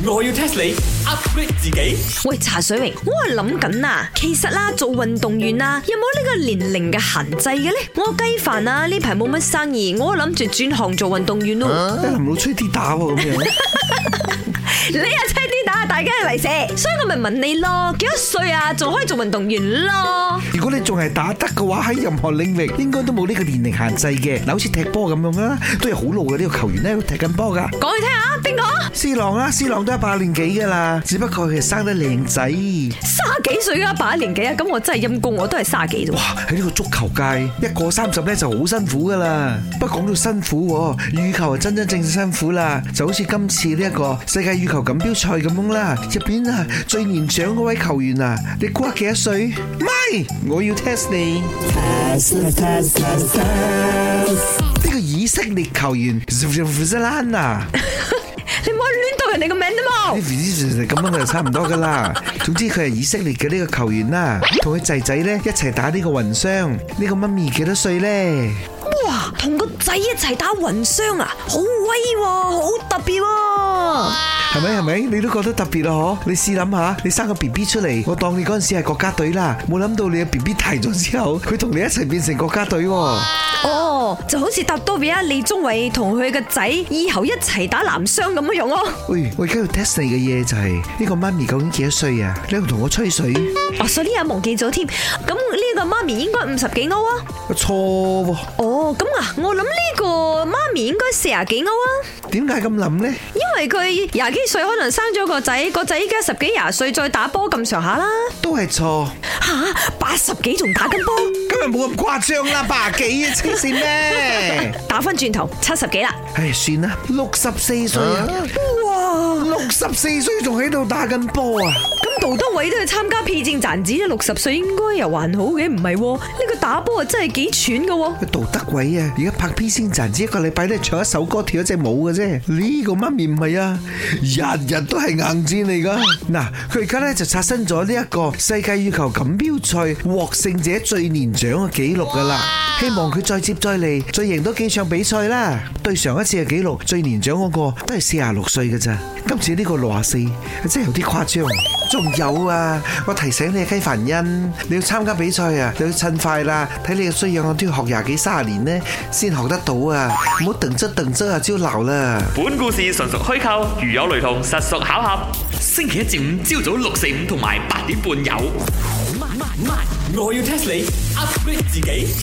我要 test 你 upgrade 自己。喂，茶水榮，我係諗緊啊。其實啦，做運動員啊，有冇呢個年齡嘅限制嘅咧？我雞飯啊，呢排冇乜生意，我諗住轉行做運動員咯。你唔好吹啲打喎，咁樣。 你又吹啲打，大家嚟射，所以我咪問你咯，幾多歲啊？仲可以做運動員咯？如果你仲係打得嘅話，喺任何領域應該都冇呢個年齡限制嘅。嗱，好似踢波咁樣啊，都有好老嘅呢個球員咧，踢緊波噶。講去聽下。邊個？C 郎啦，C 郎都係八年紀噶啦，只不過佢係生得靚仔。卅幾歲啊，八年紀啊，咁我真係陰公，我都係卅幾啫。哇！喺呢個足球界，一過三十咧就好辛苦噶啦。不過講到辛苦喎，預球係真真正正辛苦啦，就好似今次呢一個世界羽球錦標賽咁樣啦。入邊啊，最年長嗰位球員啊，你估幾多歲？咪，我要 test 你。呢個以色列球員叫 Fisella。你唔好亂讀人哋個名㗎嘛。呢實實咁樣佢就差唔多噶啦。總之佢係以色列嘅呢個球員啦，同佢仔仔咧一齊打呢個混雙。呢個媽咪幾多歲咧？同個仔一齊打雲商啊，好威喎，好特別喎，係咪係咪？你都覺得特別啊？嗬，你試諗下，你生個 B B 出嚟，我當你嗰陣時係國家隊啦，冇諗到你嘅 B B 大咗之後，佢同你一齊變成國家隊喎，哦哎。哦，就好似特多邊啊，李宗偉同佢個仔以後一齊打男雙咁樣樣咯。喂，我而家要 test 你嘅嘢就係呢個媽咪究竟幾多歲啊？你要同我吹水啊？所以呢日忘記咗添，咁呢個媽咪應該五十幾歐啊？錯喎了。哦，咁啊。我諗呢個媽咪應該四十幾歐啊？點解咁諗咧？因為佢廿幾歲可能生咗個仔，個仔依家十幾廿歲再打波咁上下啦。都係錯吓，八十幾仲打緊波？今日冇咁誇張啦， 八十幾嘅黐線咩。打翻轉頭七十幾啦。唉、哎，算啦，六十四歲啊，啊哇，六十四歲仲喺度打緊波啊！.杜德偉都去參加 P 戰賺子，六十歲應該又還好嘅，唔係、啊？呢、這個打波啊真係幾喘嘅。杜德偉啊，而家拍 P 戰賺子一個禮拜都係唱一首歌、跳一隻舞嘅啫。呢個媽咪唔係啊，日日都係硬戰嚟噶。嗱，佢而家咧就刷新咗呢一個世界羽球錦標賽獲勝者最年長嘅紀錄噶啦。希望佢再接再厲，再贏多幾場比賽啦。對上一次嘅紀錄，最年長嗰個都係四廿六歲噶咋，今次呢個六廿四，真係有啲誇張。仲有啊！我提醒你，雞凡恩，你要參加比賽啊，你要趁快啦！睇你嘅需要，我都要學廿幾卅年咧，先學得到啊！唔好停滯停滯啊，要流啦！本故事純屬虛構，如有雷同，實屬巧合。星期一至五朝早六四五同埋八點半有。邁邁邁！我要 test 你，upgrade 自己。